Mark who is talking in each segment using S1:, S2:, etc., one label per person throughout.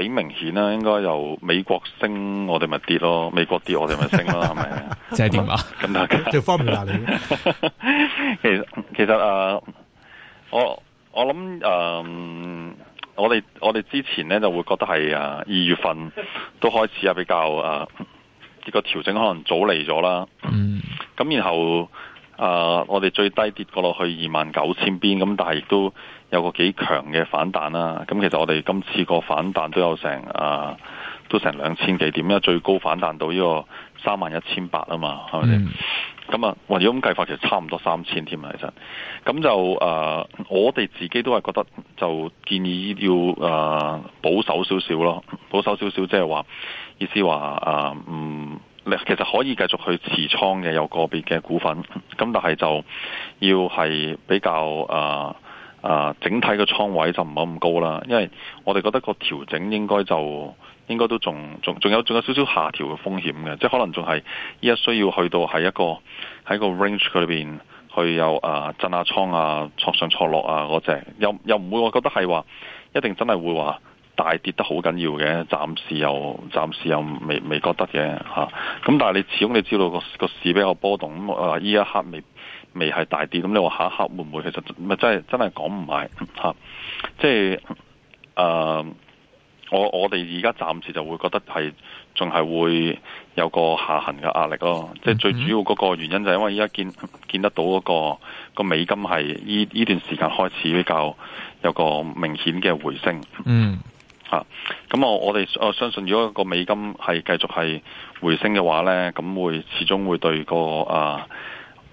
S1: 幾明顯啦，應該由美國升，我哋咪跌咯；美國跌，我哋咪升咯，係 咪？即係點啊？咁啊，方便你。其實其實我我諗誒，我哋我哋、呃、之前咧就會覺得係啊，二月份都開始啊比較呢、呃這個調整可能早嚟咗啦。嗯。咁然後、呃、我哋最低跌過落去二萬九千邊，咁但係亦都。有個幾強嘅反彈啦、啊，咁其實我哋今次個反彈都有成啊，都成兩千幾點，因為最高反彈到呢個三萬一千八啊嘛，係咪先？咁、嗯、啊，或者咁計法其實差唔多三千添啊，其實咁就啊，我哋自己都係覺得就建議要啊保守少少咯，保守少少即係話，意思話啊，唔、嗯，其實可以繼續去持倉嘅，有個別嘅股份，咁但係就要係比較啊。啊，整體嘅倉位就唔係咁高啦，因為我哋覺得個調整應該就應該都仲仲仲有仲有少少下調嘅風險嘅，即係可能仲係依家需要去到喺一個喺個 range 裏邊去有啊震下倉啊挫上挫落啊嗰隻，又又唔會話覺得係話一定真係會話大跌得好緊要嘅，暫時又暫時又未未覺得嘅嚇咁，啊，但係你始終你知道個個市比較波動，咁啊依一刻未。未係大跌，咁你話下一刻會唔會？其實真係真係講唔埋吓，即係誒、啊，我我哋而家暫時就會覺得係仲係會有個下行嘅壓力咯、啊。即係最主要嗰個原因就係因為依家見見得到嗰、那個個美金係依段時間開始比較有個明顯嘅回升。嗯，吓、啊，咁我我哋我相信如果個美金係繼續係回升嘅話咧，咁會始終會對、那個誒。啊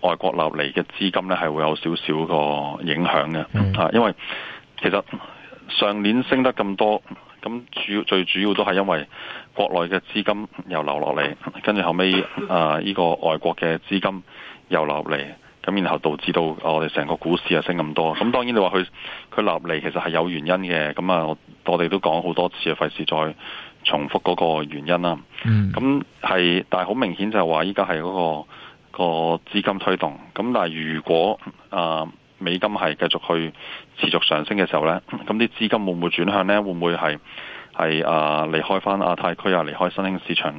S1: 外國流嚟嘅資金咧，係會有少少個影響嘅、嗯啊，因為其實上年升得咁多，咁主最主要都係因為國內嘅資金又流落嚟，跟住後尾呢、啊這個外國嘅資金又流落嚟，咁然後導致到、啊、我哋成個股市啊升咁多。咁當然你話佢佢流嚟其實係有原因嘅，咁啊我哋都講好多次啊，費事再重複嗰個原因啦。咁、嗯、係，但係好明顯就係話依家係嗰個。個資金推動，咁但係如果啊美金係繼續去持續上升嘅時候呢，咁啲資金會唔會轉向呢？會唔會係係啊離開翻亞太區啊，離開新興市場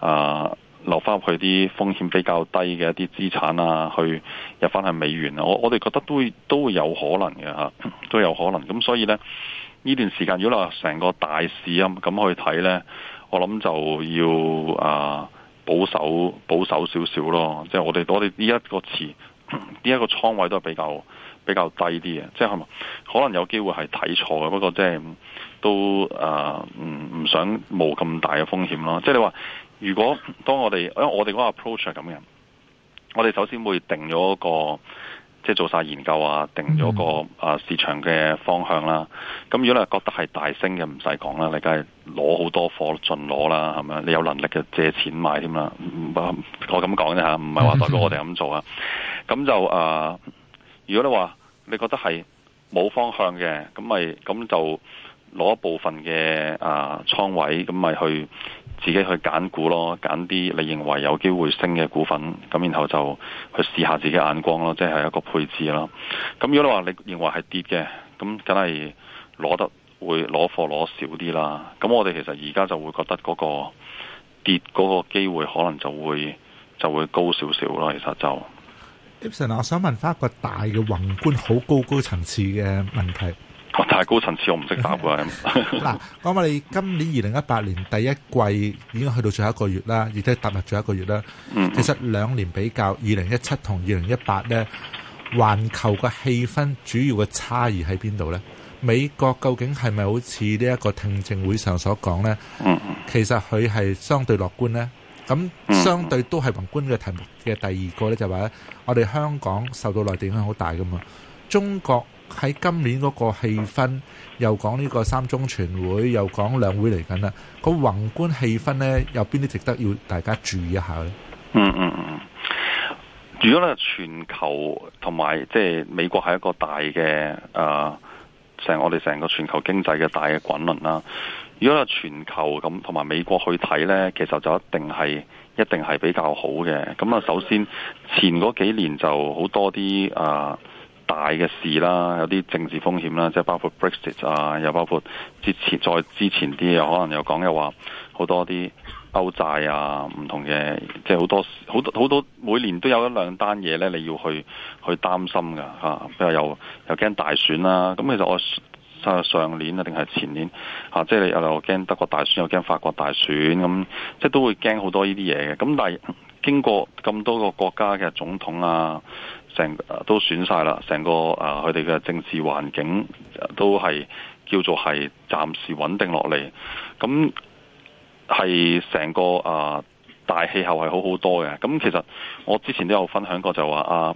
S1: 啊，留翻去啲風險比較低嘅一啲資產啊，去入翻去美元啊？我我哋覺得都會都會有可能嘅吓，啊，都有可能。咁所以呢呢段時間如果話成個大市咁啊咁去睇呢，我諗就要啊。保守保守少少咯，即係我哋我哋呢一個詞，呢一個倉位都係比較比較低啲嘅，即係係嘛，可能有機會係睇錯嘅，不過即係都誒唔唔想冒咁大嘅風險咯。即係你話，如果當我哋，因為我哋嗰個 approach 係咁樣，我哋首先會定咗個。即係做曬研究啊，定咗個啊市場嘅方向啦。咁如果你覺得係大升嘅，唔使講啦，你梗係攞好多貨盡攞啦，係咪？你有能力嘅借錢買添啦、嗯。我咁講啫嚇，唔係話代表我哋咁做啊。咁就、啊、如果你話你覺得係冇方向嘅，咁咪咁就。攞一部分嘅啊倉位咁咪去自己去揀股咯，揀啲你認為有機會升嘅股份，咁然後就去試下自己眼光咯，即係一個配置啦。咁如果你話你認為係跌嘅，咁梗係攞得會攞貨攞少啲啦。咁我哋其實而家就會覺得嗰個跌嗰個機會可能就會就會高少少咯，其實就
S2: Dibson，我想問翻一個大嘅宏觀好高高層次嘅問題。
S1: 太高層次我， 我唔識答
S2: 嘅。嗱，我哋今年二零一八年第一季已經去到最後一個月啦，亦都係踏入最後一個月啦。嗯、其實兩年比較，二零一七同二零一八呢環球嘅氣氛主要嘅差異喺邊度呢？美國究竟係咪好似呢一個聽證會上所講呢？其實佢係相對樂觀呢，咁相對都係宏觀嘅題目嘅第二個呢，就話呢，我哋香港受到內地影響好大㗎嘛，中國。喺今年嗰個氣氛，又講呢個三中全會，又講兩會嚟緊啦。個宏觀氣氛呢，有邊啲值得要大家注意一下呢？嗯嗯嗯。
S1: 如果呢，全球同埋即係美國係一個大嘅誒，成、啊、我哋成個全球經濟嘅大嘅滾輪啦。如果呢全球咁同埋美國去睇呢，其實就一定係一定係比較好嘅。咁啊，首先前嗰幾年就好多啲誒，啊大嘅事啦，有啲政治風險啦，即係包括 Brexit 啊，又包括之前再之前啲，又可能又講又話好多啲歐債啊，唔同嘅，即係好多好多好多，每年都有一兩單嘢咧，你要去去擔心噶吓，比較有又驚大選啦、啊，咁其實我上年啊定係前年吓，即係你又又驚德國大選，又驚法國大選，咁即係都會驚好多呢啲嘢嘅，咁但係經過咁多個國家嘅總統啊。成都損曬啦，成個啊佢哋嘅政治環境都係叫做係暫時穩定落嚟，咁係成個啊大氣候係好好多嘅。咁其實我之前都有分享過就，就話啊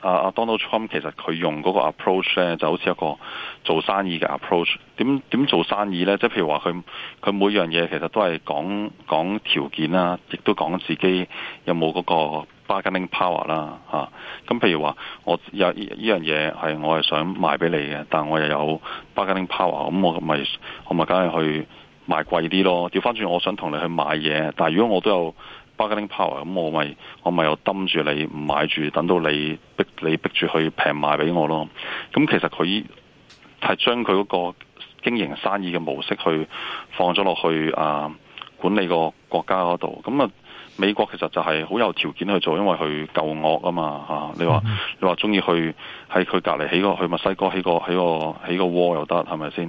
S1: 啊 Donald Trump 其實佢用嗰個 approach 咧，就好似一個做生意嘅 approach。點點做生意呢？即係譬如話佢佢每樣嘢其實都係講講條件啦，亦都講自己有冇嗰、嗰個。Bargaining power 啦、啊、吓，咁譬如話，我有呢樣嘢係我係想賣俾你嘅，但我又有 Bargaining power，咁我咪我咪梗係去賣貴啲咯。調翻轉，我想同你去買嘢，但係如果我都有 Bargaining power，咁我咪我咪又蹲住你唔買住，等到你逼你逼住去平賣俾我咯。咁其實佢係將佢嗰個經營生意嘅模式去放咗落去啊管理個國家嗰度，咁啊。美國其實就係好有條件去做，因為佢夠惡啊嘛吓！你話你話中意去喺佢隔離起個，去墨西哥起個起個起個窩又得係咪先？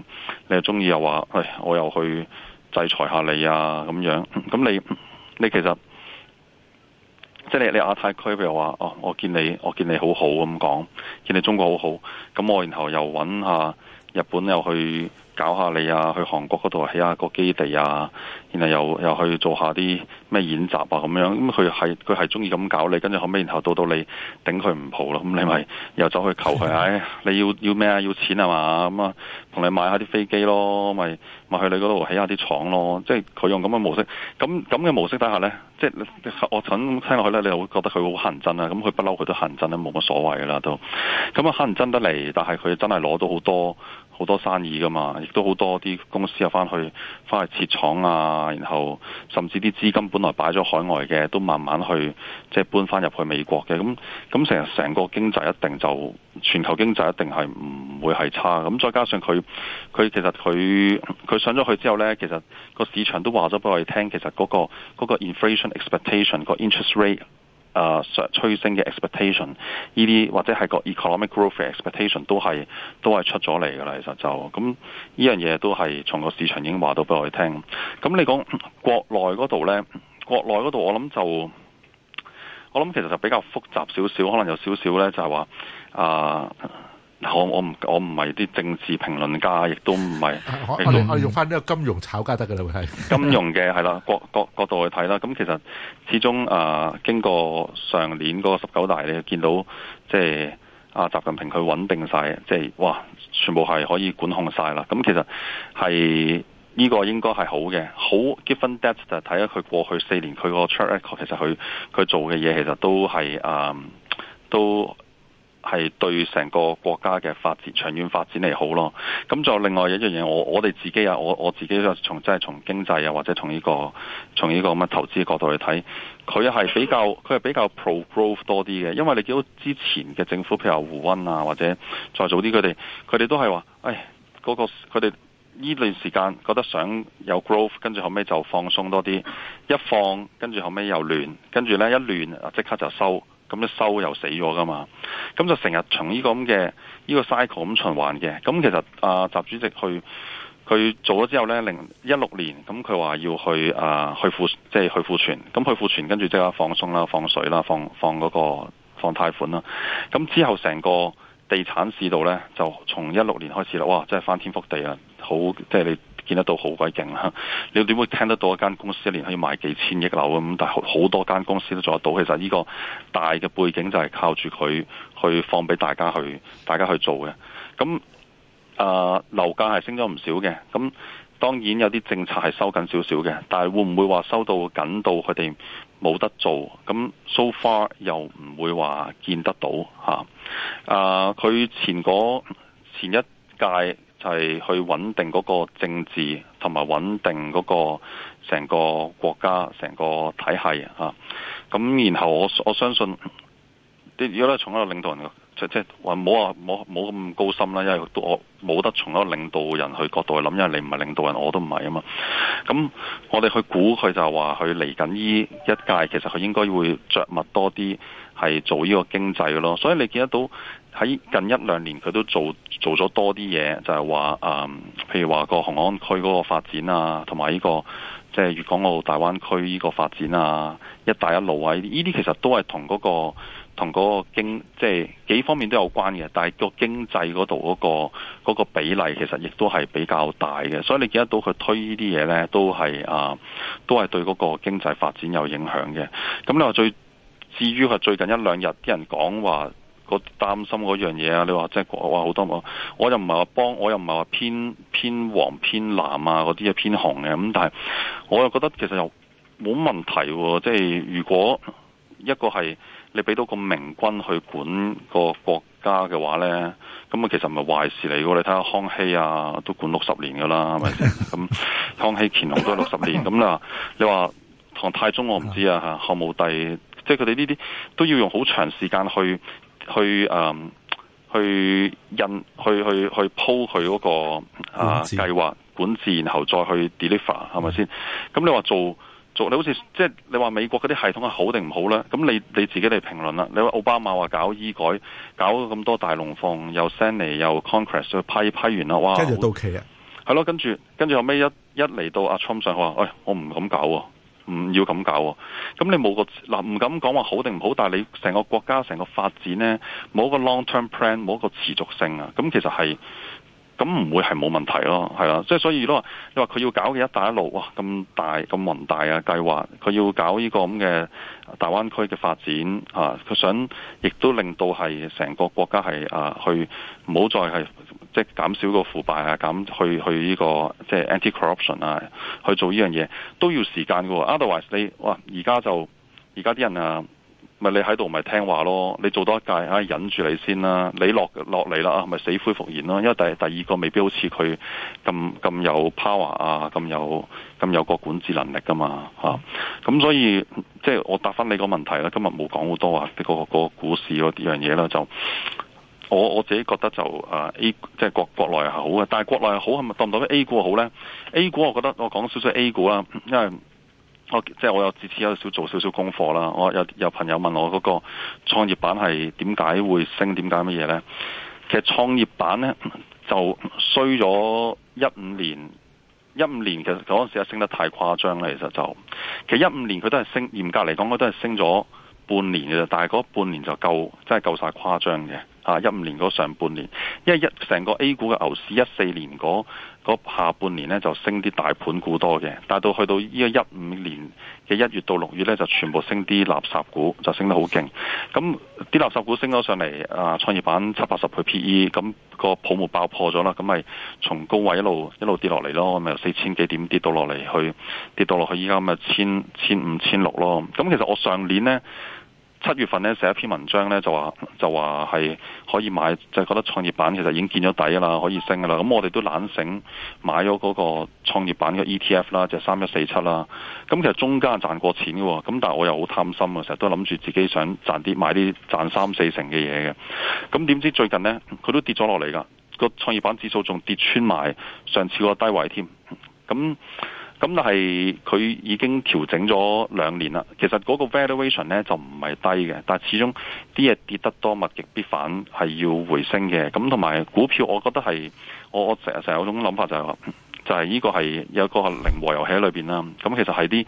S1: 你又中意又話喂，我又去制裁下你啊咁樣，咁你你其實即係、就是、你你亞太區譬如話哦，我見你我見你好好咁講，見你中國好好，咁我然後又搵下日本又去。搞下你啊，去韓國嗰度起下個基地啊，然後又又去做下啲咩演習啊咁樣，咁佢係佢係中意咁搞你，跟住後尾然後到到你頂佢唔浦啦，咁你咪又走去求佢，唉、哎，你要要咩啊？要錢啊嘛，咁、嗯、啊，同你買下啲飛機咯，咪咪去你嗰度起下啲廠咯，即係佢用咁嘅模式，咁咁嘅模式底下呢，即係我想聽落去呢，你又會覺得佢好乞人憎啊。咁佢不嬲佢都乞人憎啦，冇乜所謂啦都，咁啊乞人憎得嚟，但係佢真係攞到好多。好多生意噶嘛，亦都好多啲公司又翻去翻去設廠啊，然後甚至啲資金本來擺咗海外嘅，都慢慢去即係搬翻入去美國嘅。咁咁成日成個經濟一定就全球經濟一定係唔會係差咁。再加上佢佢其實佢佢上咗去之後呢，其實個市場都話咗俾我哋聽，其實嗰個嗰個 inflation expectation 個 interest rate。誒趨升嘅 expectation，呢啲或者係個 economic growth expectation 都係都係出咗嚟噶啦，其實就咁呢樣嘢都係從個市場已經話到俾我哋聽。咁你講國內嗰度呢？國內嗰度我諗就我諗其實就比較複雜少少，可能有少少呢就係話啊。Uh, 我我唔我唔係啲政治評論家，亦都唔係。我我用
S2: 翻呢個金融炒家得嘅啦，會係金融
S1: 嘅係啦，各各角度去睇啦。咁其實始終啊、呃，經過上年嗰個十九大，你見到即係啊習近平佢穩定晒，即係哇，全部係可以管控晒啦。咁其實係呢、呢個應該係好嘅。好 given that 就睇下佢過去四年佢個 track 其實佢佢做嘅嘢其實都係啊、呃、都。係對成個國家嘅發展長遠發展嚟好咯。咁仲有另外一樣嘢，我我哋自己啊，我我自己就從真係從經濟啊，或者從呢個從呢個咁嘅投資角度去睇，佢係比較佢係比較 pro growth 多啲嘅。因為你見到之前嘅政府，譬如胡溫啊，或者再早啲佢哋，佢哋都係話，唉，嗰個佢哋呢段時間覺得想有 growth，跟住後尾就放鬆多啲，一放跟住後尾又亂，跟住呢一亂即刻就收。咁咧收又死咗噶嘛，咁就成日從呢個咁嘅呢個 cycle 咁循環嘅，咁其實啊習主席去佢做咗之後呢，零一六年咁佢話要去啊去庫即係去庫存，咁去庫存跟住即刻放鬆啦、放水啦、放放嗰個放貸款啦，咁之後成個地產市道呢，就從一六年開始啦，哇！真係翻天覆地啊，好即係你。見得到好鬼勁，你你點會聽得到一間公司一年可以賣幾千億樓咁？但係好多間公司都做得到。其實呢個大嘅背景就係靠住佢去放俾大家去，大家去做嘅。咁啊，樓價係升咗唔少嘅。咁當然有啲政策係收緊少少嘅，但係會唔會話收到緊到佢哋冇得做？咁 so far 又唔會話見得到嚇。啊，佢、啊、前嗰前一屆。係去穩定嗰個政治，同埋穩定嗰個成個國家、成個體系啊！咁然後我我相信如果咧從一個領導人，即即係話唔好話冇冇咁高深啦，因為我冇得從一個領導人去角度去諗，因為你唔係領導人，我都唔係啊嘛。咁、嗯、我哋去估佢就話佢嚟緊呢一屆，其實佢應該會着墨多啲係做呢個經濟嘅咯。所以你見得到。喺近一兩年，佢都做做咗多啲嘢，就係話誒，譬如話個雄安區嗰個發展啊，同埋呢個即係粵港澳大灣區呢個發展啊，一帶一路啊，呢啲其實都係同嗰個同嗰個經即係幾方面都有關嘅，但係個經濟嗰度嗰個嗰個比例其實亦都係比較大嘅，所以你見得到佢推呢啲嘢呢，都係啊，都係對嗰個經濟發展有影響嘅。咁你話最至於佢最近一兩日啲人講話。個擔心嗰樣嘢啊！你話即係話好多我，我又唔係話幫，我又唔係話偏偏黃偏藍啊，嗰啲啊偏紅嘅咁。但係我又覺得其實又冇問題喎。即係如果一個係你俾到個明君去管個國家嘅話咧，咁啊其實唔係壞事嚟嘅。你睇下康熙啊，都管六十年㗎啦，係咪先咁？ 康熙乾隆都六十年咁啦。 你話唐太宗我唔知啊嚇，漢武帝即係佢哋呢啲都要用好長時間去。去誒、嗯，去印，去去去鋪佢嗰個啊計劃管治，然後再去 deliver 係咪先？咁你話做做你好似即係你話美國嗰啲系統係好定唔好咧？咁你你自己嚟評論啦。你話奧巴馬話搞醫改，搞咁多大龍鳳，又 Senate 又 Congress 批批完啦，哇！跟住到期啊，係咯，跟住跟住後尾，一一嚟到阿 Trump 上台，喂、哎，我唔敢搞啊！唔要咁搞喎，咁你冇個嗱，唔敢講話好定唔好，但你成個國家成個發展呢，冇個 long term plan，冇一個持續性啊。咁其實係咁唔會係冇問題咯，係啦，即係所以如果話你話佢要搞嘅一帶一路哇，咁大咁宏大啊計劃，佢要搞呢個咁嘅大灣區嘅發展啊，佢想亦都令到係成個國家係啊，去唔好再係。即係減少個腐敗啊，減去去、這、呢個即係 anti-corruption 啊，去做呢樣嘢都要時間㗎喎。Otherwise 你哇，而家就而家啲人啊，咪你喺度咪聽話咯，你做多一屆啊，忍住你先啦，你落落嚟啦啊，咪死灰復燃咯，因為第第二個未必好似佢咁咁有 power 啊，咁有咁有個管治能力噶嘛咁、啊、所以即係我答翻你個問題啦，今日冇講好多啊，你、嗰個個、嗰個股市嗰啲樣嘢啦就。我我自己覺得就啊 A 即係國國內係好嘅，但係國內好係咪當唔代表 A 股好呢？A 股我覺得我講少少 A 股啦，因為我即係我有之前有少做少少功課啦。我有有朋友問我嗰個創業板係點解會升？點解乜嘢呢？其實創業板呢就衰咗一五年，一五年其實嗰陣時啊升得太誇張啦！其實就其實一五年佢都係升，嚴格嚟講，佢都係升咗半年嘅啫。但係嗰半年就夠，真係夠曬誇張嘅。啊，一五年嗰上半年，因為一成個 A 股嘅牛市，一四年嗰嗰下半年呢，就升啲大盤股多嘅，但係到去到依個一五年嘅一月到六月呢，就全部升啲垃圾股，就升得好勁。咁啲垃圾股升咗上嚟，啊，創業板七八十倍 P E，咁個泡沫爆破咗啦，咁咪從高位一路一路跌落嚟咯，咁咪由四千幾點跌到落嚟，去跌到落去依家咁啊，千千五千六咯。咁其實我上年呢，七月份咧寫一篇文章咧就話就話係可以買，就覺得創業板其實已經見咗底啦，可以升噶啦。咁我哋都懶醒買咗嗰個創業板嘅 ETF 啦，就係三一四七啦。咁其實中間賺過錢嘅喎、哦，咁但係我又好貪心啊，成日都諗住自己想賺啲買啲賺三四成嘅嘢嘅。咁點知最近呢，佢都跌咗落嚟㗎，個創業板指數仲跌穿埋上，上次個低位添。咁咁但係佢已經調整咗兩年啦。其實嗰個 valuation 咧就唔係低嘅，但係始終啲嘢跌得多，物極必反，係要回升嘅。咁同埋股票，我覺得係我成日成日有種諗法就係、是，就係、是、呢個係有個零和遊戲喺裏邊啦。咁其實係啲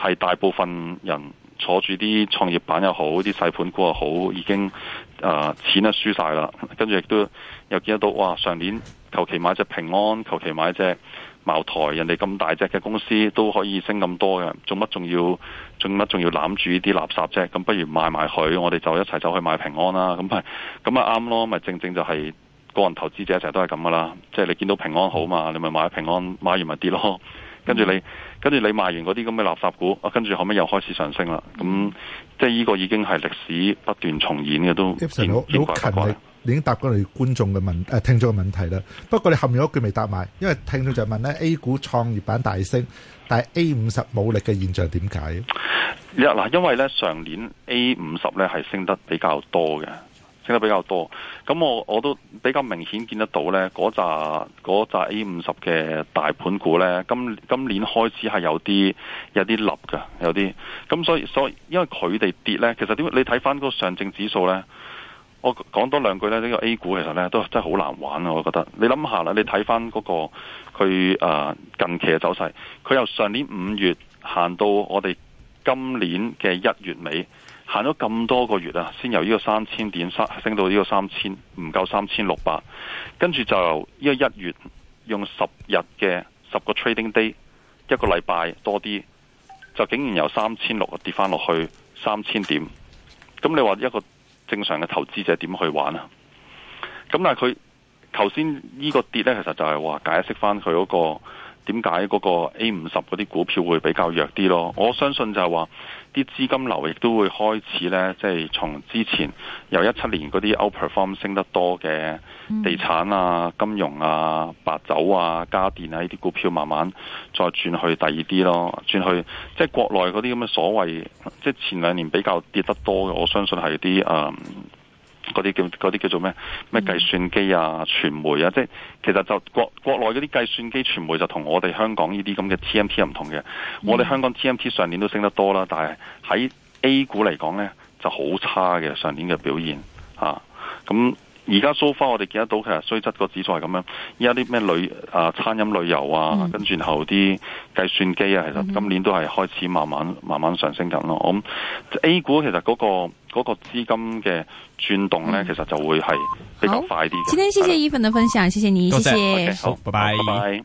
S1: 係大部分人坐住啲創業板又好，啲細盤股又好，已經啊、呃、錢輸都輸曬啦。跟住亦都又見得到哇！上年求其買隻平安，求其買隻。茅台人哋咁大隻嘅公司都可以升咁多嘅，做乜仲要做乜仲要攬住呢啲垃圾啫？咁不如賣埋佢，我哋就一齊走去買平安啦。咁咪咁咪啱咯？咪正正就係個人投資者成日都係咁噶啦。即係你見到平安好嘛，你咪買平安，買完咪跌咯。跟住你跟住你賣完嗰啲咁嘅垃圾股，啊跟住後尾又開始上升啦。咁即係呢個已經係歷史不斷重演嘅都，
S2: 已經答過你觀眾嘅問誒、啊、聽眾嘅問題啦。不過你後面有一句未答埋，因為聽眾就問咧：A 股創業板大升，但係 A 五十冇力嘅現象點解？
S1: 一嗱，因為咧上年 A 五十咧係升得比較多嘅，升得比較多。咁我我都比較明顯見得到咧，嗰紮紮 A 五十嘅大盤股咧，今今年開始係有啲有啲落嘅，有啲。咁所以所以因為佢哋跌咧，其實點你睇翻嗰個上證指數咧？我講多兩句呢，呢、呢個 A 股其實呢都真係好難玩啊！我覺得你諗下啦，你睇翻嗰個佢近期嘅走勢，佢由上年五月行到我哋今年嘅一月尾，行咗咁多個月啊，先由呢個三千點升升到呢個三千唔夠三千六百，跟住就由呢個一月用十日嘅十個 trading day 一個禮拜多啲，就竟然由三千六跌翻落去三千點，咁你話一個？正常嘅投資者點去玩啊？咁但係佢頭先呢個跌咧，其實就係話解釋翻佢嗰個點解嗰個 A 五十嗰啲股票會比較弱啲咯。我相信就係話。啲資金流亦都會開始呢，即係從之前由一七年嗰啲 outperform 升得多嘅地產啊、金融啊、白酒啊、家電啊呢啲股票，慢慢再轉去第二啲咯，轉去即係國內嗰啲咁嘅所謂，即係前兩年比較跌得多嘅，我相信係啲誒嗰啲叫啲叫做咩咩計算機啊傳媒啊，即係其實就國國內嗰啲計算機傳媒就同我哋香港呢啲咁嘅 TMT 唔同嘅。我哋香港 TMT 上年都升得多啦，但係喺 A 股嚟講呢，就好差嘅上年嘅表現啊，咁。而家 so far 我哋見得到，其實衰質個指數係咁樣。而家啲咩旅啊、餐飲旅遊啊，嗯、跟住然後啲計算機啊，其實今年都係開始慢慢、慢慢上升緊咯。我諗咁 A 股其實嗰個嗰個資金嘅轉動咧，其實就會係比較快啲。好，今天謝謝依
S3: 粉的分享，謝謝你，謝謝，好，
S1: 拜拜。